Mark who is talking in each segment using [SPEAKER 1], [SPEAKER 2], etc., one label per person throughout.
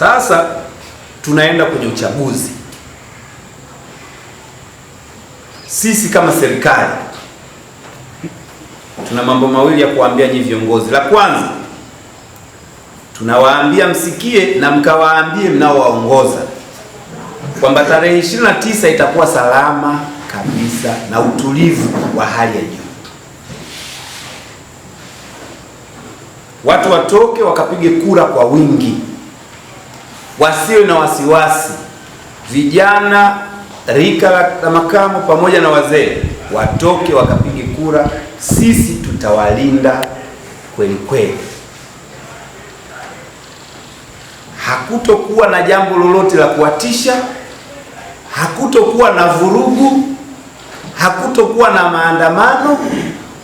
[SPEAKER 1] Sasa tunaenda kwenye uchaguzi. Sisi kama serikali tuna mambo mawili ya kuwaambia nyinyi viongozi. La kwanza, tunawaambia msikie na mkawaambie mnaowaongoza kwamba tarehe 29 itakuwa salama kabisa na utulivu wa hali ya juu. Watu watoke wakapige kura kwa wingi wasiwe na wasiwasi, vijana rika la makamo pamoja na wazee watoke wakapige kura, sisi tutawalinda kweli kweli. Hakutokuwa na jambo lolote la kuwatisha, hakutokuwa na vurugu, hakutokuwa na maandamano,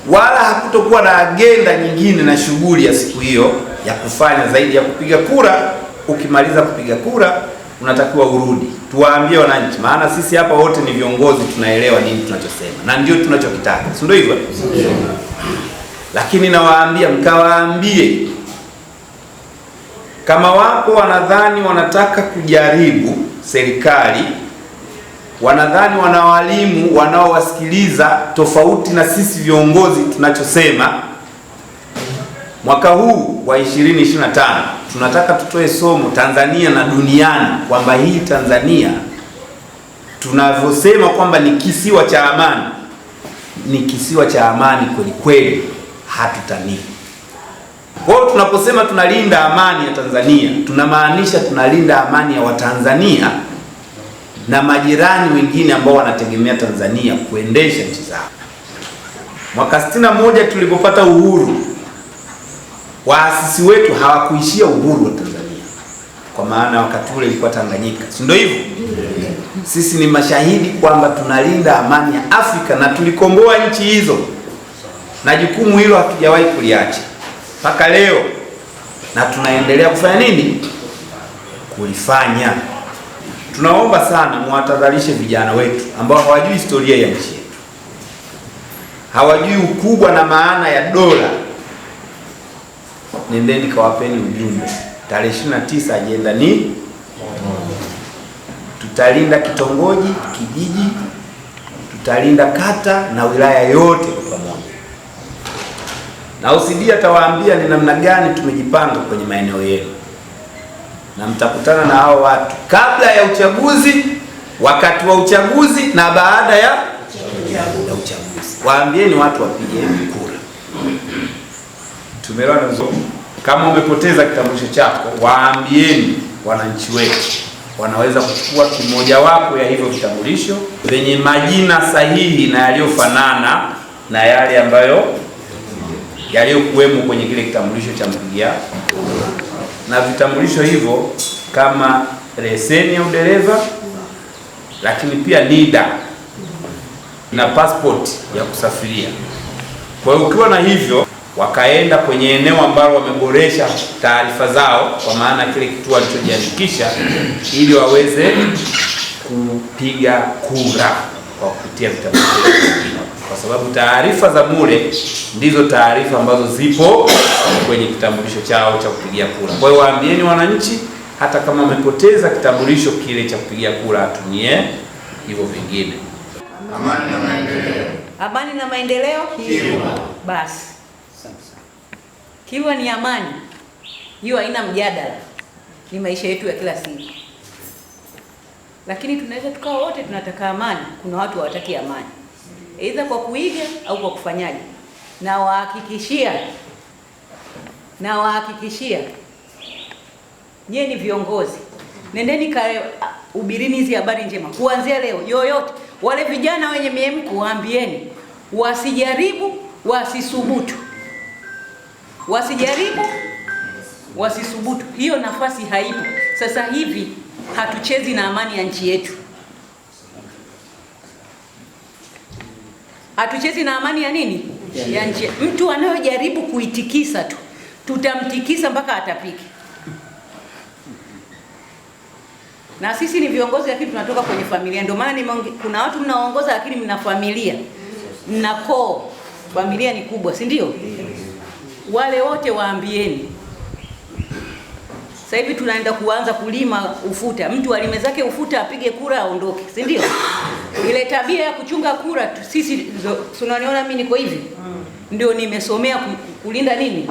[SPEAKER 1] wala hakutokuwa na agenda nyingine na shughuli ya siku hiyo ya kufanya zaidi ya kupiga kura ukimaliza kupiga kura unatakiwa urudi, tuwaambie wananchi, maana sisi hapa wote ni viongozi, tunaelewa nini tunachosema na ndio tunachokitaka, si ndio hivyo? Lakini nawaambia mkawaambie, kama wapo wanadhani wanataka kujaribu serikali, wanadhani wana walimu wanaowasikiliza tofauti na sisi viongozi tunachosema, mwaka huu wa 2025 tunataka tutoe somo Tanzania na duniani kwamba hii Tanzania tunavyosema kwamba ni kisiwa cha amani, ni kisiwa cha amani kweli kweli, hatutanii. Kwa hiyo tunaposema tunalinda amani ya Tanzania, tunamaanisha tunalinda amani ya Watanzania na majirani wengine ambao wanategemea Tanzania kuendesha nchi zao. Mwaka 61 tulipopata uhuru waasisi wetu hawakuishia uhuru wa Tanzania, kwa maana wakati ule ilikuwa Tanganyika, si ndio hivyo? Sisi ni mashahidi kwamba tunalinda amani ya Afrika na tulikomboa nchi hizo, na jukumu hilo hatujawahi kuliacha mpaka leo, na tunaendelea kufanya nini? Kulifanya. Tunaomba sana muwatadharishe vijana wetu ambao hawajui historia ya nchi yetu, hawajui ukubwa na maana ya dola nendeni kawapeni ujumbe. Tarehe 29 ajenda ni tutalinda kitongoji, kijiji, tutalinda kata na wilaya yote kwa pamoja, na OCD atawaambia ni namna gani tumejipanga kwenye maeneo yenu, na mtakutana na hao watu kabla ya uchaguzi, wakati wa uchaguzi na baada ya uchaguzi. Waambieni watu wapige kura tumeelewana vizuri. Kama umepoteza kitambulisho chako, waambieni wananchi wetu, wanaweza kuchukua kimojawapo ya hivyo vitambulisho vyenye majina sahihi na yaliyofanana na yale ambayo yaliyokuwemo kwenye kile kitambulisho cha mpigia na vitambulisho hivyo kama leseni ya udereva, lakini pia NIDA na passport ya kusafiria. Kwa hiyo ukiwa na hivyo wakaenda kwenye eneo ambalo wameboresha taarifa zao, kwa maana kile kituo walichojiandikisha, ili waweze kupiga kura kwa kupitia vitambulisho, kwa sababu taarifa za bure ndizo taarifa ambazo zipo kwenye kitambulisho chao cha kupigia kura. Kwa hiyo waambieni wananchi, hata kama wamepoteza kitambulisho kile cha kupigia kura atumie hivyo vingine.
[SPEAKER 2] Amani na maendeleo, amani na maendeleo. Basi kiwa ni amani, hiyo haina mjadala, ni maisha yetu ya kila siku. Lakini tunaweza tukawa wote tunataka amani, kuna watu hawataki amani, aidha kwa kuiga au kwa kufanyaje. Na wahakikishia na wahakikishia, nyie ni viongozi, nendeni kae, uh, ubirini hizi habari njema kuanzia leo. Yoyote wale vijana wenye miemko, waambieni wasijaribu, wasisubutu wasijaribu, wasisubutu. Hiyo nafasi haipo. Sasa hivi hatuchezi na amani ya nchi yetu, hatuchezi na amani ya nini ya nchi. Mtu anayojaribu kuitikisa tu, tutamtikisa mpaka atapiki. Na sisi ni viongozi, lakini tunatoka kwenye familia. Ndio maana kuna watu mnaongoza, lakini mna familia, mna koo. Familia ni kubwa, si ndio? wale wote waambieni. Sasa hivi tunaenda kuanza kulima ufuta, mtu alime zake ufuta, apige kura, aondoke, si ndio? Ile tabia ya kuchunga kura tu, sisi tunaniona mimi niko hivi, mm. ndio nimesomea kulinda nini.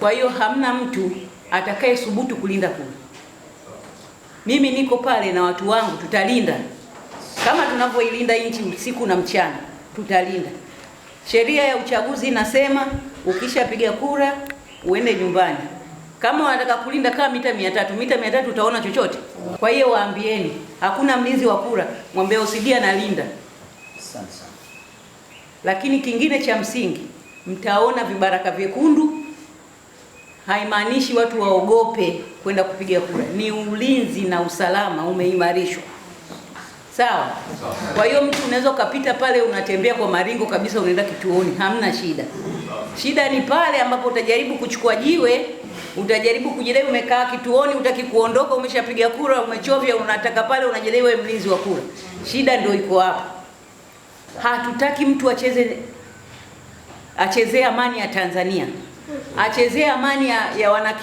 [SPEAKER 2] Kwa hiyo hamna mtu atakaye subutu kulinda kura. Mimi niko pale na watu wangu, tutalinda kama tunavyoilinda nchi usiku na mchana, tutalinda. Sheria ya uchaguzi inasema Ukishapiga kura uende nyumbani. Kama wanataka kulinda kama mita 300, mita 300 utaona chochote. Kwa hiyo waambieni, hakuna mlinzi wa kura, mwambie OCD analinda. Lakini kingine cha msingi, mtaona vibaraka vyekundu. Haimaanishi watu waogope kwenda kupiga kura, ni ulinzi na usalama umeimarishwa. Sawa. Kwa hiyo mtu unaweza ukapita pale, unatembea kwa maringo kabisa, unaenda kituoni, hamna shida. Shida ni pale ambapo utajaribu kuchukua jiwe, utajaribu kujidai umekaa kituoni, utaki kuondoka, umeshapiga kura, umechovya, unataka pale, unajidai wewe mlinzi wa kura. Shida ndio iko hapo. Hatutaki mtu acheze achezee amani ya Tanzania, achezee amani ya, ya Wanakiru.